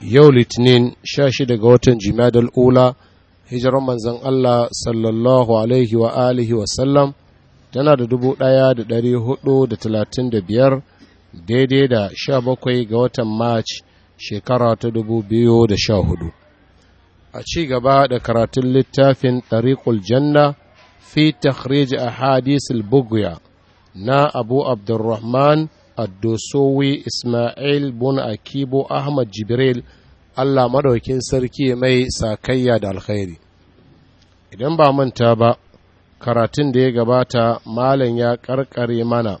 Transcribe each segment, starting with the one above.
yau litinin sha 16 ga watan jimadal ula hijiran manzan Allah sallallahu alaihi wa alihi wasallam tana da talatin da biyar daidai da sha bakwai ga watan march shekara ta dubu biyu da sha hudu. a ci gaba da karatun littafin tariqul janna fi takhrij ahadith al na abu abdurrahman addosowi ismail bun akibo ahmad jibril allah madaukin sarki mai sakayya da alkhairi idan ba manta ba karatun da ya gabata malam ya ƙarƙare mana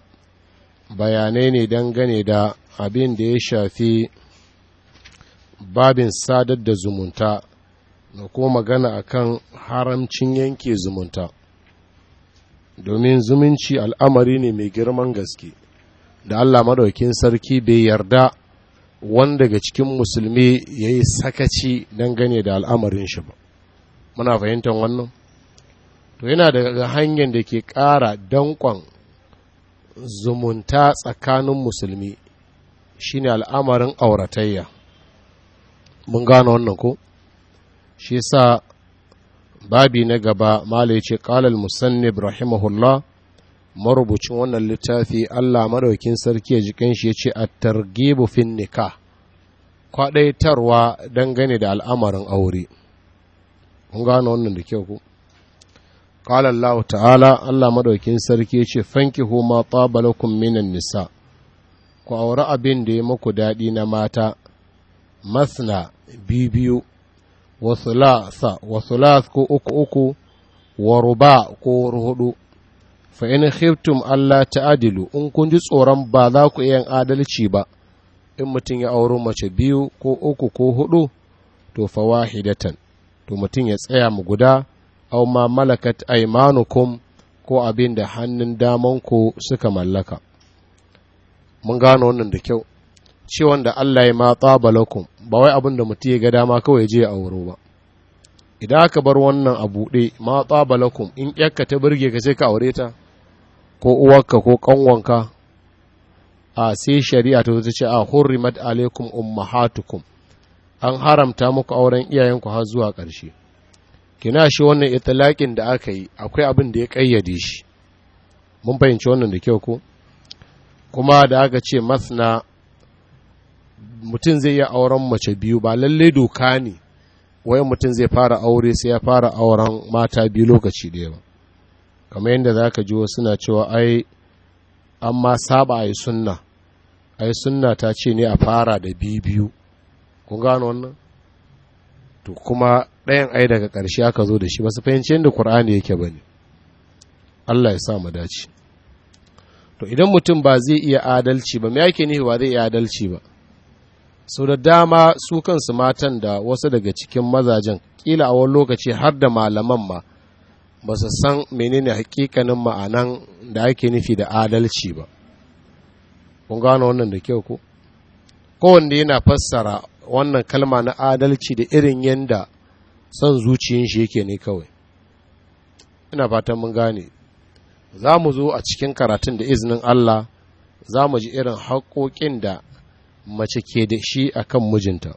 bayanai ne dangane da abin da ya shafi babin sadar da zumunta da ko magana akan haramcin yanke zumunta domin zumunci al'amari ne mai girman gaske da Allah madaukin sarki bai yarda wanda daga cikin musulmi ya yi sakaci dangane da al'amarin shi ba muna fahimtar wannan to yana daga hanyar da ke ƙara danƙon zumunta tsakanin musulmi shi ne al'amarin auratayya mun gano wannan ko shi sa babi na gaba mala ya ce ƙalal musannib rahimahullah marubucin wannan littafi Allah madaukin sarki ya ji shi ya ce a targibu fin nika kwaɗaitarwa dangane da al'amarin aure kun gano wannan da kyau ku قال Ta'ala, Allah الله Sarki ya ce, فانكحوا ما طاب tabalakum minan nisa. ku auri abin da ya muku daɗi na mata masna bibiyu wa thalath ko uku uku wa ruba ko hudu fa in khiftum Allah ta'dilu in kun ji tsoron ba za ku iya adalci ba in mutum ya auro mace biyu ko uku ko hudu to fa wahidatan to mutum ya tsaya mu guda aw ma malakat aymanukum ko abin da hannun damanku suka mallaka mun gano wannan da kyau ci wanda Allah ya matsa balakum ba wai abin da mutum ya ga dama kawai je auro ba idan aka bar wannan a buɗe matsa balakum in yakka ta burge ka sai ka aure ta ko uwarka ko kanwanka a sai shari'a ta zuci a hurrimat alaikum ummahatukum an haramta muku auren iyayenku har zuwa ƙarshe kina shi wannan itlaqin da aka yi akwai abin da ya kayyade shi mun fahimci wannan da kyau ko kuma da aka ce masna mutum zai yi auren mace biyu ba lalle doka ne wai mutum zai fara aure sai ya fara auren mata biyu lokaci ɗaya ba kamar yadda za ka ji wasu na cewa ai an ma saba a yi sunna a yi sunna ta ce ne a fara da biyu kun gano wannan to kuma ɗayan ai daga ƙarshe aka zo da shi ba su fahimci yadda ƙur'ani yake ba ne allah ya sa mu dace to idan mutum ba zai iya adalci ba mai yake nihi ba zai iya adalci ba sau da dama su kansu matan da wasu daga cikin mazajen kila a wani lokaci har da malaman ma ba su san menene hakikanin ma'anan da ake nufi da adalci ba kun gano wannan da kyau ko kowanne yana fassara wannan kalma na adalci da irin yadda son zuciyin shi yake ne kawai ina fatan mun gane za mu zo a cikin karatun da izinin Allah za mu ji irin haƙoƙin da mace ke da shi a kan mijinta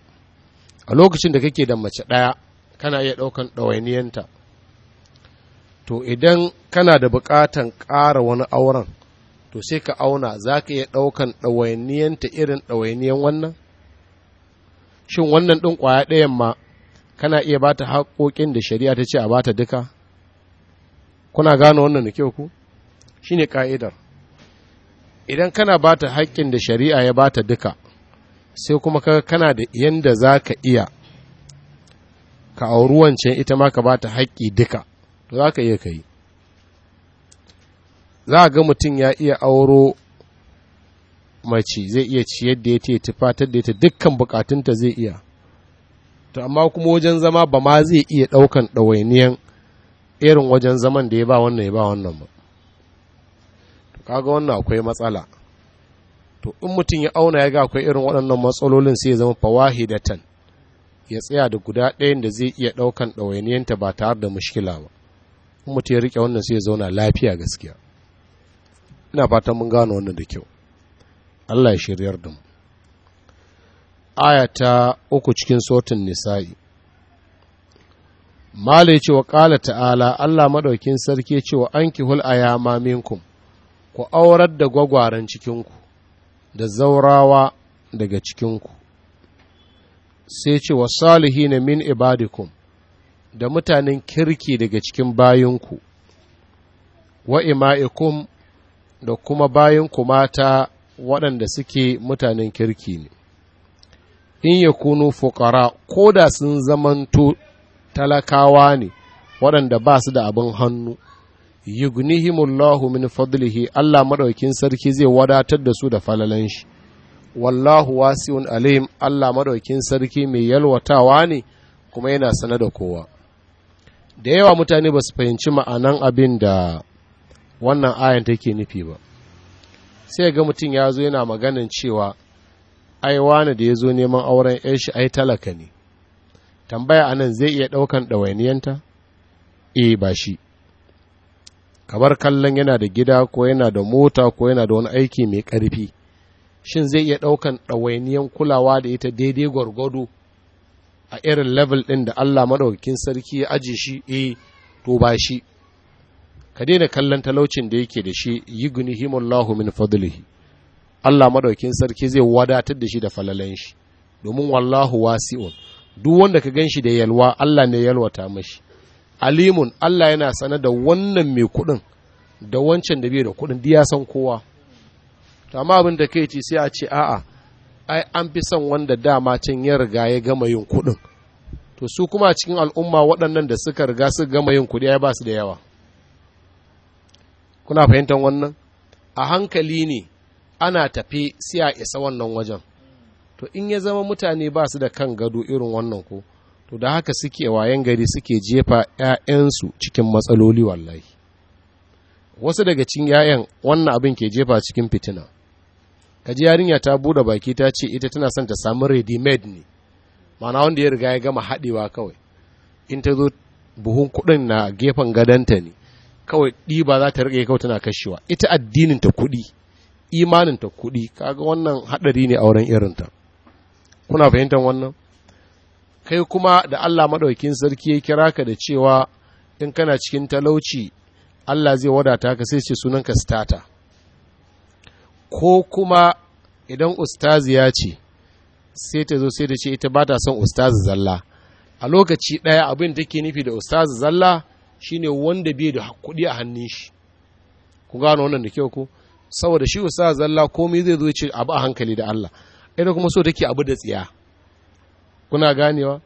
a lokacin da kake da mace ɗaya kana iya ɗaukan ɗawainiyanta to idan kana da buƙatan ƙara wani auren to sai ka auna za ka iya ɗaukan ɗawainiyanta irin ɗawainiyan wannan shin wannan ɗin ƙwaya ɗayan ma kana iya ba ta haƙoƙin da shari'a ta ce a ba ta duka kuna gane wannan da kyau ku shi ne ƙa'idar idan kana ba ta haƙƙin da shari'a ya ba ta duka sai kuma ka kana da yanda za ka iya ka auri wancan ita ma ka ba ta haƙƙi duka za ka iya kai za a ga mutum ya iya auro mace zai iya ciyar da ya ce tufatar da ya dukkan bukatunta zai iya to amma kuma wajen zama ba ma zai iya ɗaukan ɗawainiyan irin wajen zaman da ya ba wannan ya ba wannan ba kaga wannan akwai matsala to in mutum ya auna ya ga akwai irin waɗannan matsalolin sai ya zama fawahidatan ya tsaya da guda ɗayan da zai iya ɗaukan ɗawainiyanta ba tare da mushkila ba mutu ya riƙe wannan sai ya zauna lafiya gaskiya ina fatan mun gano wannan da kyau Allah ya shiryar da mu aya ta uku cikin sautin nisa'i Malai cewa ƙala ta'ala Allah maɗaukin sarki cewa an hul ayama minkum ku aurar da gwagwaren cikinku da zaurawa daga cikinku sai cewa salihina min ibadikum da mutanen kirki daga cikin bayinku, wa ima'ikum da kuma bayinku mata waɗanda suke mutanen kirki ne, in ya kunu fukara ko da sun zamanto talakawa ne waɗanda ba su da abin hannu, yugnihimullahu min fadlihi Allah maɗaukin sarki zai wadatar da su da falalan shi. wallahu wasi'un alim Allah madaukin sarki mai yalwatawa ne kuma yana sane da kowa da yawa mutane ba su fahimci ma'anan abin da wannan ayan take nufi ba sai ga mutum ya zo yana maganin cewa ai wani da ya zo neman auren yan shi ai talaka ne tambaya anan zai iya ɗaukan ɗawainiyanta Eh ba shi kamar kallon yana da gida ko yana da mota ko yana da wani aiki mai ƙarfi shin zai iya ɗaukan ɗawainiyan kulawa da ita daidai gwargwado a irin level ɗin da Allah maɗaukakin sarki ya aji shi e eh, to ba shi ka daina kallon talaucin da yake da shi yi gunihimullahu min fadlihi Allah maɗaukakin sarki zai wadatar da shi da falalen shi domin wallahu wasi'un duk wanda ka gan shi da yalwa Allah ne yalwata mashi alimun Allah yana sanar da wannan mai kuɗin da wancan da bai da kuɗin diya san kowa to amma abin da kai ce sai a ce a'a ai an fi son wanda dama can ya riga ya gama yin kuɗin to su kuma cikin al'umma waɗannan da suka riga su gama yin kuɗi ya ba su da yawa kuna fahimtar wannan a hankali ne ana tafi sai a isa wannan wajen to in ya zama mutane ba su da kan gado irin wannan ko to da haka suke wayan gari suke jefa 'ya'yansu cikin matsaloli wallahi wasu daga cikin 'ya'yan wannan abin ke jefa cikin fitina kaji yarinya ta bude baki ta ce ita tana son ta samu ready made ne mana wanda ya riga ya gama haɗewa kawai in ta zo buhun kuɗin na gefen gadanta ne kawai ɗiba za ta riƙe kawai tana kashewa ita addinin ta kuɗi imanin ta kuɗi kaga wannan haɗari ne a wurin irinta kuna fahimtar wannan kai kuma da Allah maɗaukin sarki ya kira ka da cewa in kana cikin talauci Allah zai wadata ka sai ce sunanka stata ko kuma idan ustazi ya ce sai ta zo sai da ce ita ba ta son ustazi zalla a lokaci ɗaya abin da ke nufi da ustazi zalla shine wanda bai da kuɗi a hannun shi ku gano wannan da kyau ko saboda shi ustazi zalla komai zai zo ce abu a hankali da Allah ita kuma so take abu da tsiya kuna ganewa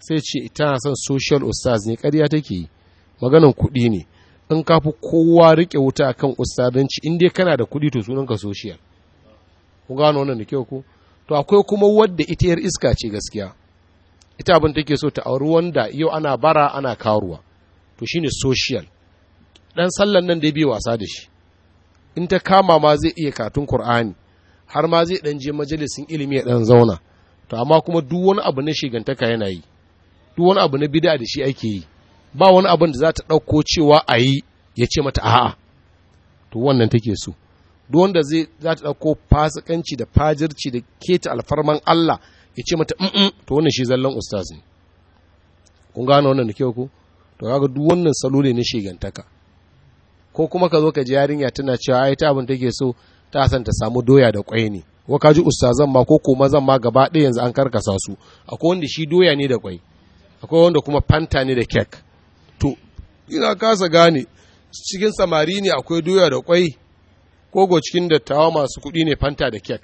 sai ce ita na son social ustaz ne ƙarya take yi maganan kuɗi ne in ka fi kowa rike wuta akan ustadanci in dai kana da kuɗi to sunanka social ku gano wannan da kyau ku. to akwai kuma wadda ita yar iska ce gaskiya ita abin take so ta auri wanda yau ana bara ana karuwa to shine social dan sallan nan da bai wasa da shi in ta kama ma zai iya katun Kur'ani har ma zai ɗan je majalisin ilimi ya ɗan zauna to amma kuma duk wani abu na shigantaka yana yi duk wani abu na bid'a da shi ake yi ba wani abin da za ta ɗauko cewa a yi ya ce mata a'a to wannan take so duk wanda zai za ta ɗauko fasikanci da fajirci da keta alfarman Allah ya ce mata mm to wannan shi zallan ustaz ne kun gane wannan da kyau ku? to kaga duk wannan salo ne na shigantaka ko kuma ka zo ka ji yarinya tana cewa ai ta abin take so ta san ta samu doya da kwai ne ko ka ji ustazan ma ko ko mazan ma gaba ɗaya yanzu an karkasa su akwai wanda shi doya ne da kwai akwai wanda kuma fanta ne da kek to ina kasa gane cikin samari ne akwai doya da kwai kogo cikin dattawa masu kuɗi ne fanta da kek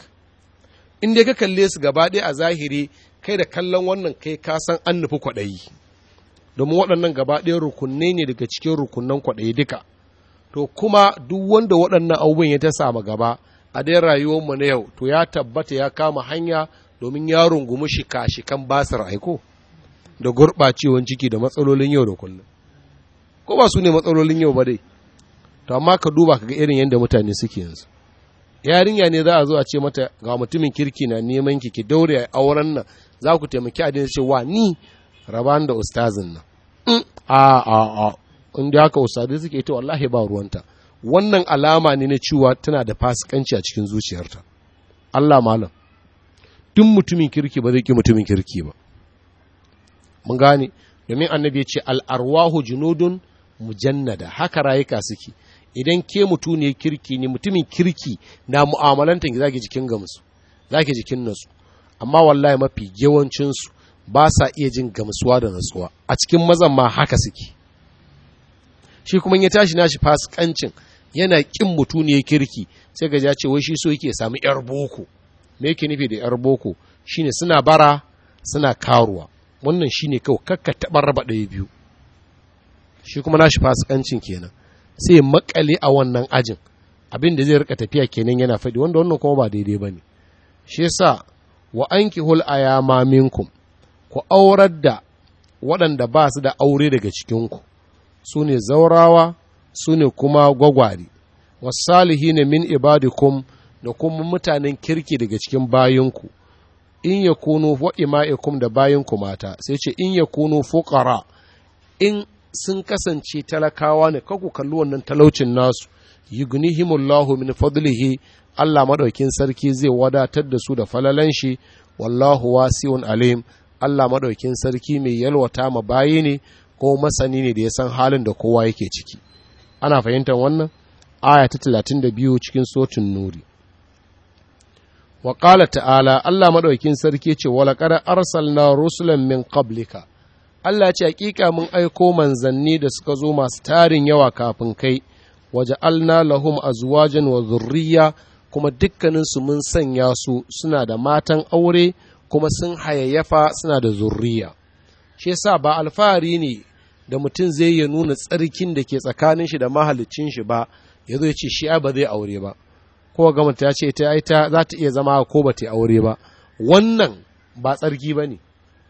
in dai ka kalle su gaba ɗaya a zahiri kai da kallon wannan kai kasan an nufi kwaɗayi domin waɗannan gaba ɗaya rukunne ne daga cikin rukunnan kwaɗayi duka to kuma duk wanda waɗannan abubuwan ya ta samu gaba a dai mu na yau to ya tabbata ya kama hanya domin ya rungumi shika-shikan basar aiko da gurɓacewan ciki da matsalolin yau da kullum ko ba su ne matsalolin yau ba dai to amma ka duba ka ga irin yadda mutane suke yanzu yarinya ne za a zo a ce mata ga mutumin kirki na neman ki ki daure a auren nan za ku taimaki a ce wa ni raban da ustazin nan mm, a a a inda haka ustazai suke ta wallahi ba ruwanta wannan alama ne na cewa tana da fasikanci a cikin zuciyarta Allah malam duk mutumin kirki ba zai ki mutumin kirki ba mun gane domin annabi ya ce al arwahu junudun mujannada haka rayuka suke idan ke mutu ne kirki ne mutumin kirki na mu'amalantar ki zaki jikin gamsu zaki jikin nasu amma wallahi mafi yawancinsu ba sa iya jin gamsuwa da natsuwa a cikin mazan ma haka suke shi kuma ya tashi nashi fasikancin yana kin ne kirki sai ga ya ce wai shi so yake samu yar boko me yake nufi da yar boko shine suna bara suna karuwa wannan shine kawai kakkata taɓa raba ɗaya biyu shi kuma nashi fasikancin kenan sai makale a wannan ajin abin da zai rika tafiya kenan yana faɗi wanda wannan kuma ba daidai bane shi yasa wa ankihul ayama minkum ku aurar da waɗanda ba su da aure daga cikinku su ne zaurawa su ne kuma gwagwari wasalihi ne min ibadikum da kuma mutanen kirki daga cikin bayinku in ya kunu wa ima'ikum da bayinku mata sai ce in ya kunu fuqara in sun kasance talakawa ne kaku kalli wannan talaucin nasu yughnihimullahu min fadlihi Allah madaukin sarki zai wadatar da su da falalan shi wallahu wasi'un alim Allah madaukin sarki mai yalwata ma bayi ne ko masani ne da ya san halin da kowa yake ciki ana fahimtar wannan aya ta 32 cikin sotin nuri wa qala ta'ala Allah madaukin sarki ce wala qad arsalna rusulan min qablika Allah ce hakika mun aiko manzanni da suka zo masu tarin yawa kafin kai waje alna lahum azwajan wa zurriya kuma dukkaninsu mun sanya su suna da matan aure kuma sun hayayyafa suna da zurriya shi yasa ba alfahari ne da mutum zai ya nuna tsarkin da ke tsakanin shi da mahalicin shi ba ya zo ya ce shi ba zai aure ba ko ga mutum ya ce ita ta za ta iya zama ko ba ta aure ba wannan ba tsarki ba ne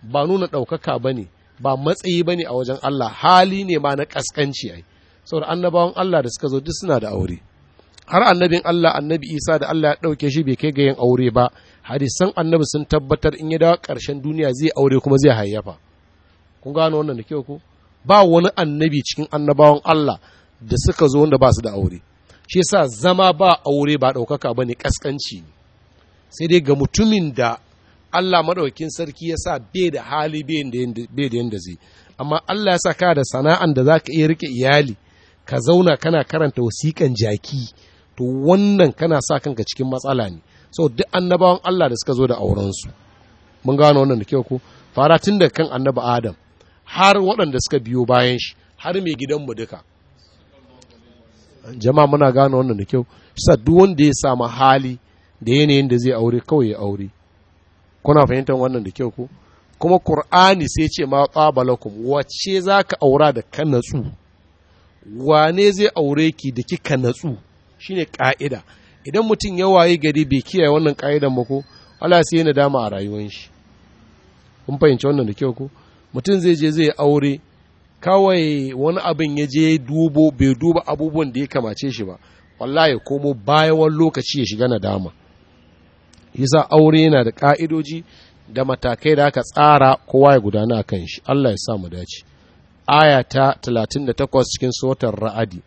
ba nuna ɗaukaka ba ne ba matsayi ba ne a wajen Allah hali ne ma na ƙasƙanci ai saboda annabawan Allah da suka zo duk suna da aure har annabin Allah annabi Isa da Allah ya ɗauke shi bai kai ga yin aure ba hadisan annabi sun tabbatar in ya dawo ƙarshen duniya zai aure kuma zai hayyafa kun gano wannan da kyau ko ba wani annabi cikin annabawan Allah da suka zo wanda ba su da aure shi yasa zama ba aure ba ɗaukaka ba ne ƙasƙanci sai dai ga mutumin da Allah maɗaukin sarki ya sa bai da hali bai da yanda zai amma Allah ya sa ka da sana'an da za ka iya rike iyali ka zauna kana karanta wasiƙan jaki to wannan kana sa kanka cikin matsala ne sau duk annabawan Allah da suka zo da aurensu mun gano wannan da kyau ko fara tun da kan annabi Adam har waɗanda suka biyo bayan shi har mai gidanmu duka jama'a muna gano wannan da kyau sa duk wanda ya samu hali da yanayin da zai aure kawai ya aure kuna fahimtar wannan da kyau ko kuma qur'ani sai ce ma tsabalakum wace zaka aura da ka natsu wane zai aure ki da kika natsu shine ka'ida idan mutum ya waye gari bai kiyaye wannan ka'idan ba ko Allah sai yana dama a rayuwar shi kun fahimci wannan da kyau ko mutum zai je zai aure kawai wani abin ya je dubo bai duba abubuwan da ya kamace shi ba wallahi komo bayan wani lokaci ya shiga nadama Yi yasa aure yana da ka'idoji da matakai da aka tsara kowa ya gudana kan shi Allah ya sa mu dace aya ta 38 cikin sotar ra'adi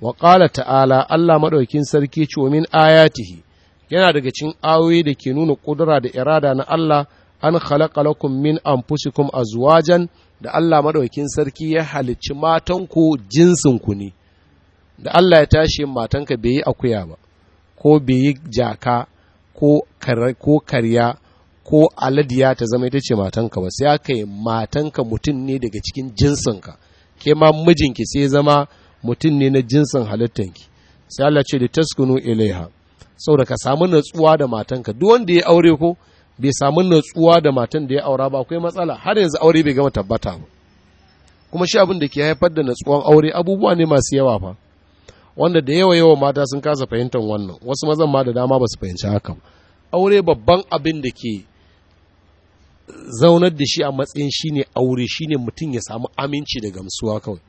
wa qala ta'ala Allah maɗaukin sarki ce min ayatihi yana daga cikin ayoyi da ke nuna kudura da irada na Allah an khalaqa lakum min anfusikum azwajan da Allah maɗaukin sarki ya halicci matanku jinsinku ne da Allah ya tashi matanka bai yi akuya ba ko bai yi jaka ko karya ko aladiya ta zama ita ce matanka ba sai aka yi matanka mutum ne daga cikin jinsinka ke ma mijinki sai zama mutum ne na jinsin halittanki sai Allah ce da taskunu ilaiha saboda ka samu natsuwa da matanka duk wanda ya aure ko bai samu natsuwa da matan da ya aura ba akwai matsala har yanzu aure bai gama tabbata ba kuma shi abin da ke haifar da natsuwan aure abubuwa ne masu yawa fa wanda da yawa yawa mata sun kasa fahimtar wannan wasu mazan ma da dama ba su fahimci haka ba aure babban abin da ke zaunar da shi a matsayin shi ne aure shi ne mutum ya samu aminci da gamsuwa kawai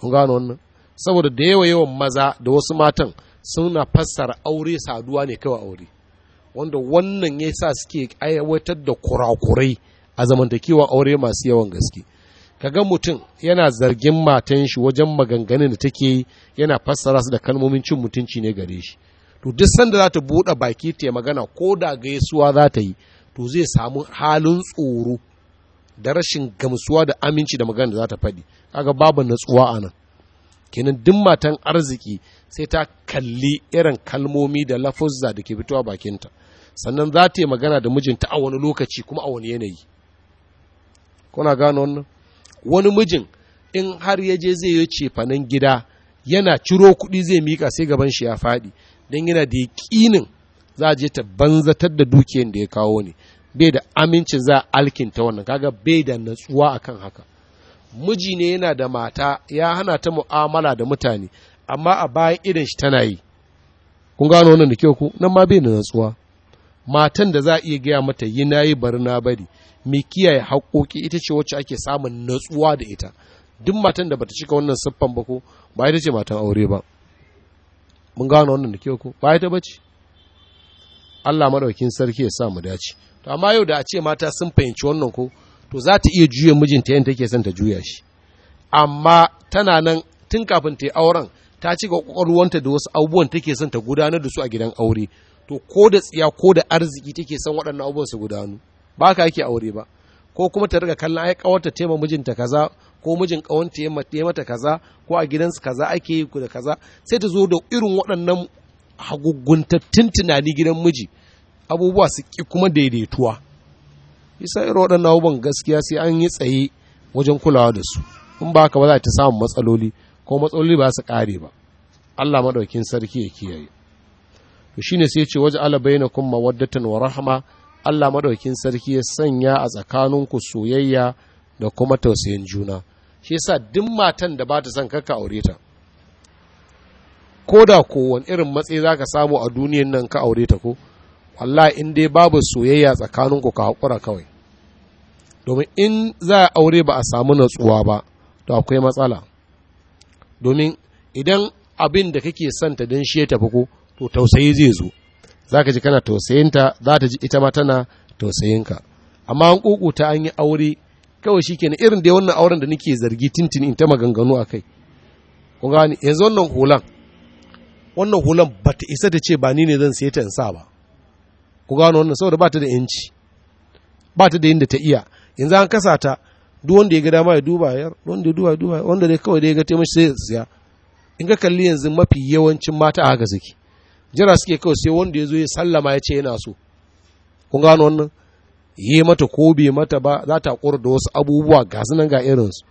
kun gano wannan saboda da yawa yawan maza da wasu matan suna fassara aure saduwa ne kawai aure wanda wannan ya sa suke aiwatar da kurakurai a zamantakewa aure masu yawan gaske Ka ga mutum yana zargin matan shi wajen maganganun da take yi yana fassara su da kalmomin cin mutunci ne gare shi to duk sanda za ta buɗe baki ta magana ko da gaisuwa za ta yi to zai samu halin tsoro da rashin gamsuwa da aminci da magana da za ta faɗi kaga babu natsuwa a nan kenan duk matan arziki sai ta kalli irin kalmomi da lafuzza da ke fitowa bakinta sannan za ta yi magana da mijinta a wani lokaci kuma a wani yanayi kuna gano wannan wani mijin in har ya je zai yi cefanen gida yana ciro kuɗi zai miƙa sai gaban shi ya faɗi don yana da yaƙinin za a je ta banzatar da dukiyar da ya kawo ne bai da amincin za a alkinta wannan kaga bai da natsuwa akan haka miji ne yana da mata ya hana ta mu'amala da mutane amma a bayan idan shi tana yi kun gano wannan da kyau ku nan ma bai da natsuwa matan da za a iya gaya mata yi na yi bari na bari mai kiyaye haƙoƙi ita ce wacce ake samun natsuwa da ita duk matan da bata cika wannan siffan ba ko ba ita ce matan aure ba mun gano wannan da kyau ko ba ita bace Allah madaukin sarki ya sa mu dace to amma yau da a ce mata sun fahimci wannan ko to za ta iya juya mijinta yadda take son ta juya shi amma tana nan tun kafin ta yi auren ta cika kwakwalwanta da wasu abubuwan take son ta gudanar da su a gidan aure to ko da tsiya ko da arziki take san waɗannan abubuwan su gudanu ba ka ake aure ba ko kuma ta riga kallon ai kawarta tema mijinta kaza ko mijin kawanta ya mata kaza ko a gidansu kaza ake yi da kaza sai ta zo da irin waɗannan haguguntattun tunani gidan miji abubuwa su ki kuma daidaituwa isa irin waɗannan abubuwan gaskiya sai an yi tsaye wajen kulawa da su in ba haka ba za ta samu matsaloli ko matsaloli ba su ƙare ba Allah maɗaukin sarki ya kiyaye to shi ne sai ce waje ala kun mawaddatan wa rahama Allah madaukin sarki ya sanya a tsakaninku soyayya da kuma tausayin juna shi yasa duk matan da ba ta son kakka aure ta koda da ko wani irin matsayi zaka samu a duniyan nan ka aure ta ko wallahi in dai babu soyayya tsakaninku ka hakura kawai domin in za a aure ba a samu natsuwa ba to akwai matsala domin idan abin da kake son ta don shi ya tafi ko to tausayi zai zo za ka ji kana tausayinta za ta ji ita ma tana tausayinka amma an kukuta an yi aure kawai shi kenan irin da wannan auren da nake zargi tintin in ta maganganu a kai ku gane yanzu wannan hulan wannan hulan ba ta isa ta ce ba ni ne zan sai ta in sa ba ku gane wannan saboda ba ta da yanci ba ta da yin da ta iya yanzu an kasa ta duk wanda ya ga dama ya duba yar wanda ya duba ya duba wanda dai kawai da ya ga taimashi sai ya siya in ga kalli yanzu mafi yawancin mata a haka suke jira suke kawai sai wanda ya zo ya sallama ya ce yana so kun gano wannan yi mata ko bai mata ba za ta haƙura da wasu abubuwa ga su nan ga irinsu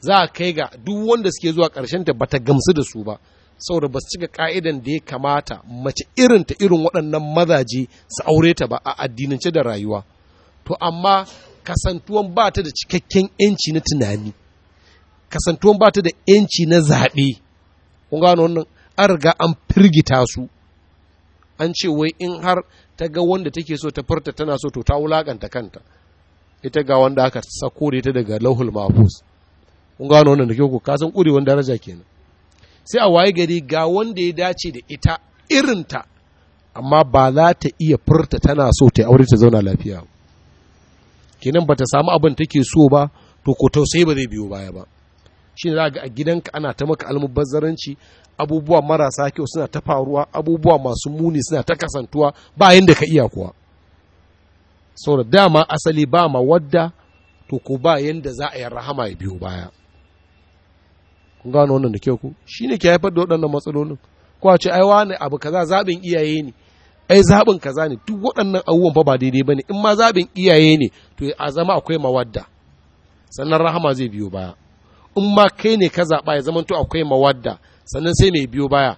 za a kai ga duk wanda suke zuwa ƙarshen ta bata gamsu da su ba saboda ba su cika ka'idan da ya kamata mace irin ta irin waɗannan mazaje su aure ta ba a addinance da rayuwa to amma kasantuwan ba ta da cikakken yanci na tunani kasantuwan ba ta da yanci na zaɓe kun gano wannan an riga an firgita su an ce wai in har ta ga wanda take so ta furta tana so to ta wulakanta kanta ita ga wanda aka sako da ita daga lauhul mahfuz kun gano wannan da ku ka san kurewan daraja kenan sai a waye gari ga wanda ya dace da ita irin ta amma ba za ta iya furta tana so ta aure ta zauna lafiya kenan ba ta samu abin take so ba to ko tausayi ba zai biyo baya ba shi ne za ga a gidanka ana ta maka almubazzaranci abubuwa marasa kyau suna ta faruwa abubuwa masu muni suna ta kasantuwa ba yadda ka iya kuwa sau da dama asali ba ma wadda to ko ba yadda za a yi rahama ya biyo baya kun gano wannan da kyau ku shi ne ke haifar da waɗannan matsalolin ko a ce ai wani abu kaza zaɓin iyaye ne ai zaɓin kaza ne duk waɗannan abubuwan fa ba daidai ba ne in ma zaɓin iyaye ne to a zama akwai mawadda sannan rahama zai biyu baya in ma kai ne ka zaɓa ya zamanto akwai mawadda sannan sai mai biyo baya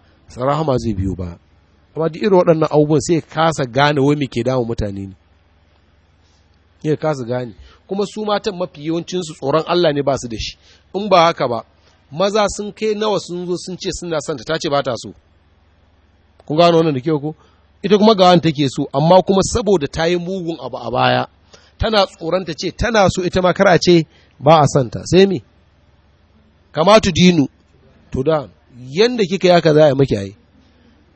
rahama zai biyo baya amma duk irin waɗannan abubuwan sai kasa gane wai mai ke damun mutane ne ya kasa gane kuma su matan mafi yawancinsu tsoron Allah ne ba su da shi in ba haka ba maza sun kai nawa sun zo sun ce suna son ta ce ba ta so kun gano wannan da ke ko ita kuma ga ta take so amma kuma saboda ta yi mugun abu a baya tana tsoron ta ce tana so ita ma kar a ce ba a santa sai me kamatu dinu to da yanda kika yaka za a maki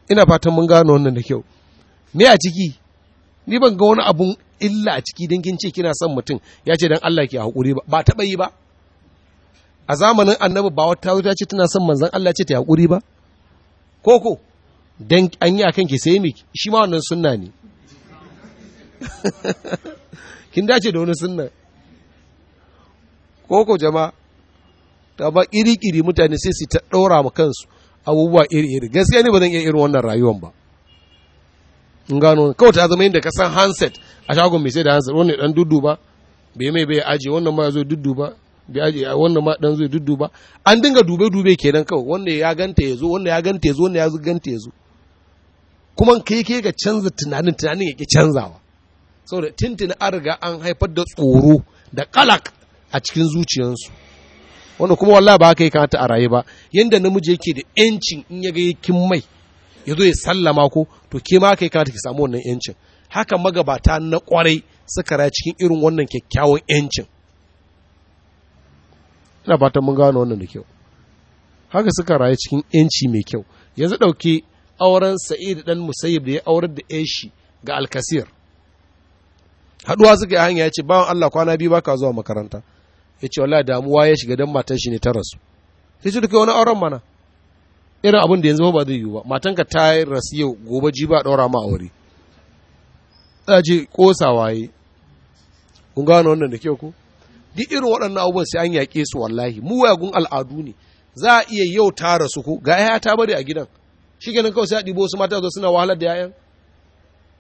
ina fatan mun gano wannan da kyau me a ciki ni ban ga wani abun illa a ciki don kin ce kina son mutum ya ce don Allah a haƙuri ba ba taɓa yi ba a zamanin annabi ba wata ta ce tana son manzan Allah ce ta haƙuri ba koko don an yi a kanki sai mi shi ma wannan sunna ne kin dace da wani sunna koko jama'a ta ba ƙiri-ƙiri mutane sai su ta ɗora ma kansu abubuwa iri-iri gaskiya ne ba zan iya irin wannan rayuwan ba in gano kawai ta zama yadda ka san handset a shagon mai sai da handset wannan dan dudu ba bai mai bai aji wannan ma zo dudu ba bai aji wannan ma dan zo dudu ba an dinga dube dube kenan kawai wanda ya ganta ya zo wannan ya ganta ya zo wannan ya ganta ya zo kuma kai kai ga canza tunanin tunanin ya ki canzawa saboda tintin an riga an haifar da tsoro da kalak a cikin zuciyarsu wanda kuma wallahi ba haka ya kamata a rayu ba yanda namiji yake da yancin in ya ga yakin mai ya zo ya sallama ko to ke ma haka kamata ki samu wannan yancin haka magabata na kwarai suka raya cikin irin wannan kyakkyawan yancin ina fatan mun gano wannan da kyau haka suka raya cikin yanci mai kyau yanzu dauke auren sa'id dan musayyib da ya aurar da shi ga alkasir haduwa suka yi hanya ya ce bawan allah kwana biyu ba ka zuwa makaranta ya ce wallahi damuwa ya shiga dan matan shi ne ta rasu sai ce da kai wani auren mana irin abin da yanzu ba zai yiwu ba matanka ta rasu yau gobe ji ba ɗora ma aure je kosawa yi kun gano wannan da kyau ko duk irin waɗannan abubuwan sai an yaƙe su wallahi mu wayagun al'adu ne za a iya yau ta rasu ko ga ya ta bari a gidan shi kenan kawai sai a ɗibo su mata zo suna wahalar da yayan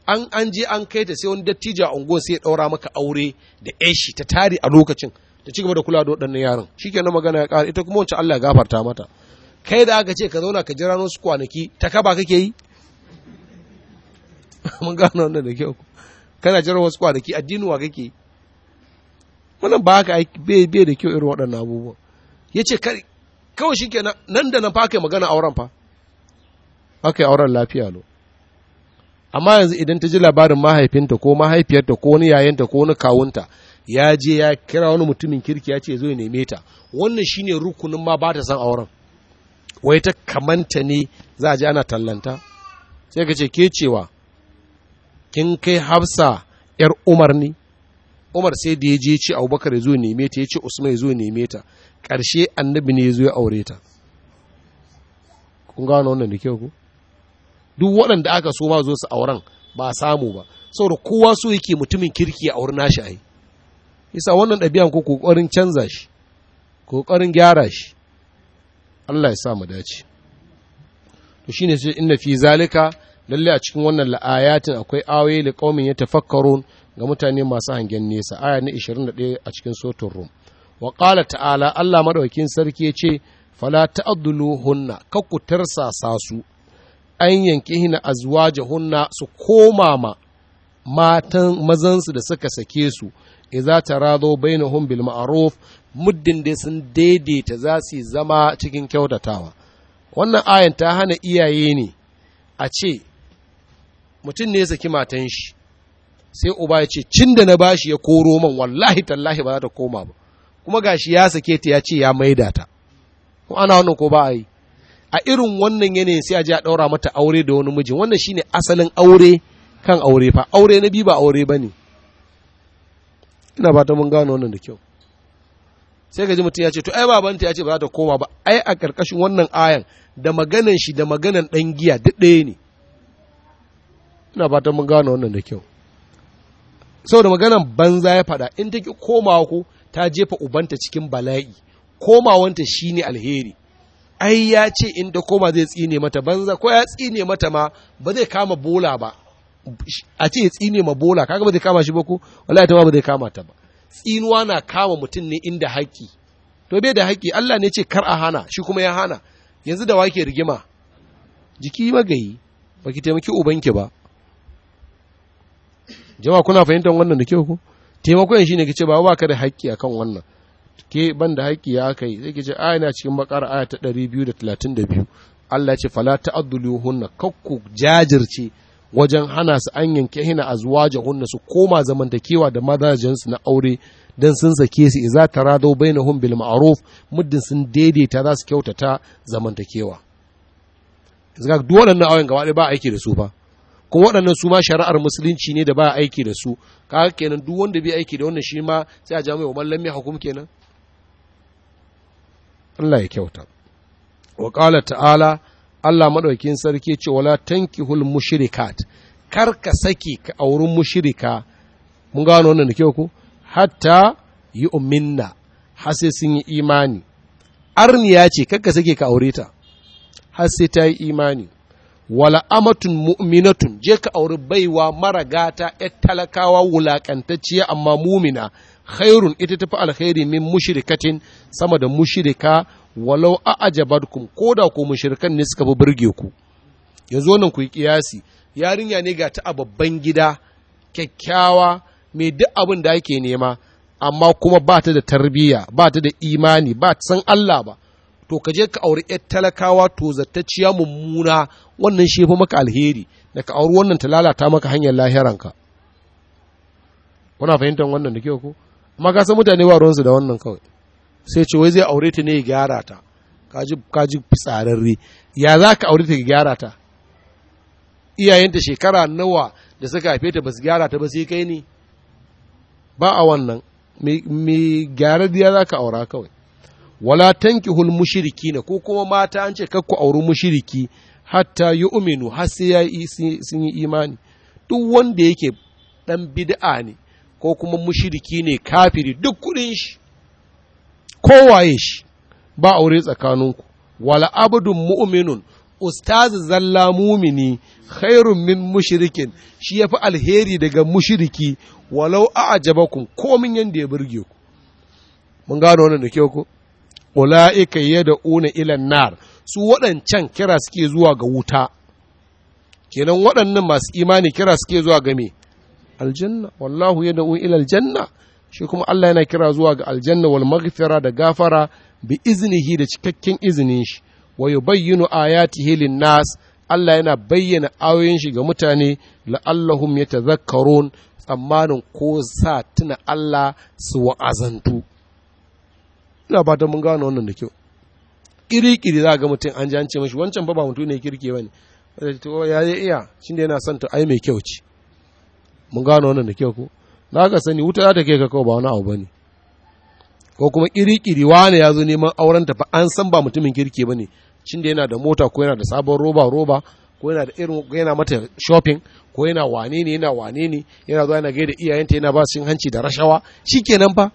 an an je an kai ta sai wani dattijo a unguwar sai ya ɗora maka aure da ƴan shi ta tare a lokacin ta ci gaba da kula da waɗannan yaran shikenan magana ya ƙara ita kuma wacce Allah ya gafarta mata kai da aka ce ka zauna ka jira wasu kwanaki ta kaba kake yi mun gano wannan da kyau kana jira wasu kwanaki addini wa kake yi wannan ba haka bai da kyau irin waɗannan abubuwa ya ce kawai shi ke nan da nan fa aka yi magana auren fa aka yi auren lafiya lo amma yanzu idan ta ji labarin mahaifinta ko mahaifiyarta ko wani yayanta ko wani kawunta ya je ya kira wani mutumin kirki ya ce zo ya neme ta wannan shine rukunin ma ba ta san auren wai ta kamanta ne za a ji ana tallanta sai ka ce ke cewa kin kai hafsa yar umar ne umar sai da ya je ce abubakar ya zo neme ta ya ce usman ya zo neme ta ƙarshe annabi ne ya zo ya aure ta kun gano wannan da kyau ku duk waɗanda aka so ma zo su auren ba samu ba saboda kowa so yake mutumin kirki a wurin nashi ai isa wannan ɗabi'an ko ƙoƙarin canza shi ƙoƙarin gyara shi Allah ya sa mu dace to shine sai inna fi zalika lalle a cikin wannan la'ayatin akwai ayoyi da ya yatafakkarun ga mutane masu hangen nesa aya na 21 a cikin sotun rum wa qala ta'ala Allah madaukin sarki ya ce fala ta'dhuluhunna kakku sasa su an yanke hina azwajahunna su koma ma matan mazansu da suka sake su iza tarado bainahum bil ma'ruf muddin dai sun daidaita za su zama cikin kyautatawa wannan ayan ta hana iyaye ne a ce mutum ne saki matan shi sai uba ya ce cin da na bashi ya koro man wallahi tallahi ba za ta koma ba kuma gashi ya sake ta ya ce ya maida ta ko ana wannan ko ba a yi a irin wannan yanayin sai a ji a ɗaura mata aure da wani mijin wannan shine asalin aure kan aure fa aure na biyu ba aure bane ina ba ta mun gano wannan da kyau sai ga ji mutum ya ce to ai babanta ya ce ba za ta koma ba ai a karkashin wannan ayan da maganan shi da maganan dan giya duk ɗaya ne ina ta mun gano wannan da kyau Sau da maganan banza ya faɗa in ki koma ko ta jefa ubanta cikin bala'i komawanta shi ne alheri ai ya ce in ta koma zai tsine mata banza ko ya tsine mata ma ba zai kama bola ba a ce ya tsine ma bola kaga ba zai kama shi ba ko wallahi ta ba zai kama ta ba tsinuwa na kama mutum ne inda haƙƙi to bai da haƙƙi Allah ne ce kar a hana shi kuma ya hana yanzu da wake rigima jiki magayi ki taimaki ubanki ba jama'a kuna fahimtar wannan da kyau ko taimakon shine kace ba ba ka da haƙƙi akan wannan ke ban da haƙƙi ya kai sai kace a ina cikin bakara aya ta 232 Allah ya ce fala ta'dhuluhunna kakku jajirce wajen hana su an yanke hina jahunna su koma zamantakewa da madajinsu na aure don sun sake su ta idza bai na humbil ma'aruf muddin sun daidaita za su kyautata zamantakewa zaka duk waɗannan auren gaba ba aiki da su ba kuma waɗannan su ma shari'ar musulunci ne da ba aiki da su kaga kenan duk wanda bai aiki da wannan shi ma sai a jami'a wa lam hukum kenan Allah ya kyauta wa qala ta'ala Allah maɗaukin sarki ce wala hul mushirikat. kar ka saki ka aurin mushrika mun gano wannan da kyau ku hatta yu'minna har sai sun yi imani arniya ce kar ka saki ka aure ta har ta yi imani wala amatun mu'minatun je ka auri baiwa mara gata yar talakawa wulakantacciya amma mumina khairun ita tafi alkhairi min mushrikatin sama da mushirika. walau a'jabatkum koda ko mushrikan ne suka fi burge ku yanzu nan ku yi kiyasi yarinya ne ga ta a babban gida kyakkyawa mai duk abin da ake nema amma kuma ba ta da tarbiyya ba ta da imani ba ta san Allah ba to ka je ka auri yar talakawa to zattaciya mummuna wannan shi fa maka alheri da ka auri wannan ta lalata maka hanyar lahiranka kuna fahimtar wannan da kyau ko amma ka san mutane ba ruwansu da wannan kawai sai ce wai zai aure ta ne ya gyara ta kaji kaji fitsararre ya za ka aure ta ya gyara ta iyayenta shekara nawa da suka haife ta ba su gyara ta ba sai kai ne ba a wannan mai gyara diya za ka aura kawai wala tanki hul mushiriki na ko kuma mata an ce kakku auri mushiriki hatta yi uminu har sai ya sun yi imani duk wanda yake dan bid'a ne ko kuma mushiriki ne kafiri duk kudin shi kowaye shi ba aure tsakaninku wala abdun mu'minun ustazu zalla mumini khairun min mushrikin shi yafi alheri daga mushriki walau a'jabakum komin yanda ya burge ku mun gano wannan da kyau ko ula'ika yad'una ila nar su waɗancan kira suke zuwa ga wuta kenan waɗannan masu imani kira suke zuwa ga aljanna wallahu yad'u ila aljanna shi kuma Allah yana kira zuwa ga aljanna wal maghfira da gafara bi iznihi da cikakken izinin shi wa yubayyinu ayatihi lin nas Allah yana bayyana ayoyin shi ga mutane la'allahum yatazakkarun tsammanin ko sa tuna Allah su wa'azantu ina ba mun gano wannan da kyau kiri-kiri za ga mutum an ji an ce mashi wancan ba ba mutum ne kirki bane ne ya iya shi da yana son ta ai mai kyau ce mun gano wannan da kyau ko za ka sani wuta za ta kai ka kawo ba wani abu ba ne ko kuma kirikiri wane ya zo neman auren tafi an san ba mutumin kirki ba ne cin da yana da mota ko yana da sabon roba roba ko yana da irin ko yana mata shopping ko yana wane ne yana wane ne yana zuwa yana gaida iyayenta yana ba su hanci da rashawa shikenan fa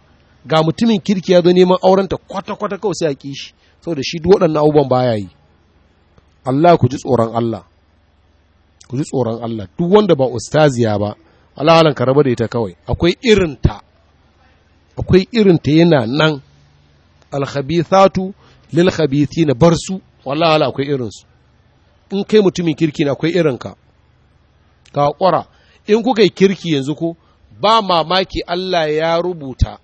ga mutumin kirki ya zo neman auren ta kwata kwata kawai sai a ki shi saboda shi duk waɗannan abubuwan baya yi Allah ku ji tsoron Allah ku ji tsoron Allah duk wanda ba ustaziya ba alahalan ka raba da ita kawai akwai irinta akwai irinta yana nan alkhabithatu lil na bar su wallahi akwai irinsu in kai mutumin kirki na akwai irinka ka hakura in kuka yi kirki yanzu ko ba mamaki Allah ya rubuta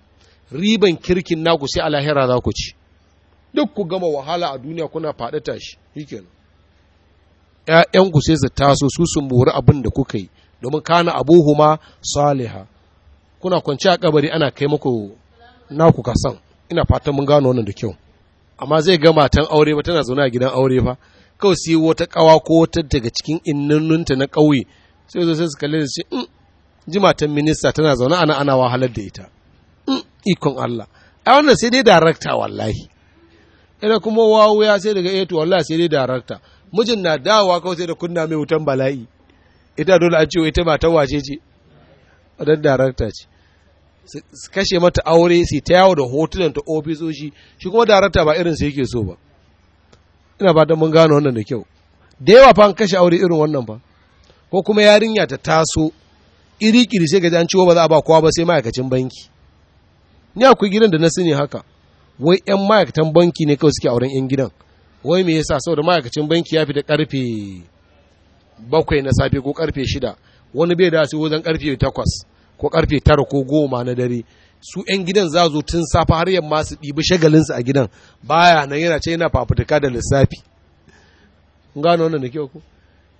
riban kirkin naku sai a lahira za ku ci duk ku gama wahala a duniya kuna faɗi tashi shikenan Ya'yanku sai su taso su su mori abin da kuka yi domin kana abuhuma saliha kuna kwanci a kabari ana kai muku naku kasan ina fatan mun gano wannan da kyau amma zai ga matan aure ba tana zaune a gidan aure ba kawai sai wata kawa ko wata daga cikin innunta na ƙauye sai zo sai su kalle su mm, in ji matan minista tana zaune ana ana wahalar da ita mm, ikon Allah a wannan sai dai darakta wallahi ina kuma wawuya sai daga eto eh wallahi sai dai darakta mijin na dawowa kawai sai da kunna mai wutan bala'i ita dole an ce ita matan wace ce dan darakta ce su kashe mata aure su ta yawo da hotunan ta ofisoshi shi kuma darakta ba irin su yake so ba ina fatan mun gano wannan da kyau da yawa fa an kashe aure irin wannan ba ko kuma yarinya ta taso iri kiri sai gaji an ciwo ba za a ba kowa ba sai ma'aikacin banki ni akwai gidan da na sani haka wai yan ma'aikatan banki ne kawai suke auren yan gidan wai me yasa saboda ma'aikacin banki ya fi da karfe bakwai na safe ko karfe shida wani bai da su wajen karfe takwas ko karfe tara ko goma na dare su 'yan gidan za zo tun safa har yamma su ɗibi shagalinsu a gidan baya nan yana ce yana fafutuka da lissafi gano wannan da kyau ku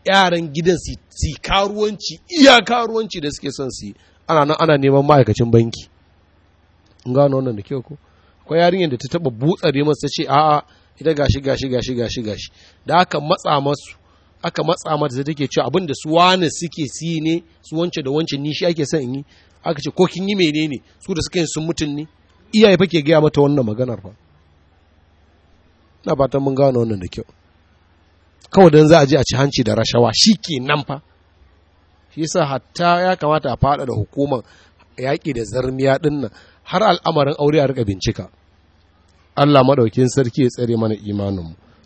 yaran gidan su yi karuwanci iya karuwanci da suke son su yi ana nan ana neman ma'aikacin banki gano wannan da kyau ku akwai yarin da ta taba butsare masa ta ce a'a ita gashi gashi gashi gashi gashi da aka matsa masu aka matsa mata sai take cewa abin da su wani suke si ne su wance da wance ni shi ake son in yi aka ce ko kin yi menene su da suka yi sun mutun ne iyaye fa ke gaya mata wannan maganar fa na fatan mun gano wannan da kyau kawai dan za a je a ci hanci da rashawa shi ke nan fa shi yasa hatta ya kamata a fada da hukumar yaƙi da zarmiya dinnan. har al'amarin aure a rika bincika Allah maɗaukin sarki ya tsare mana imaninmu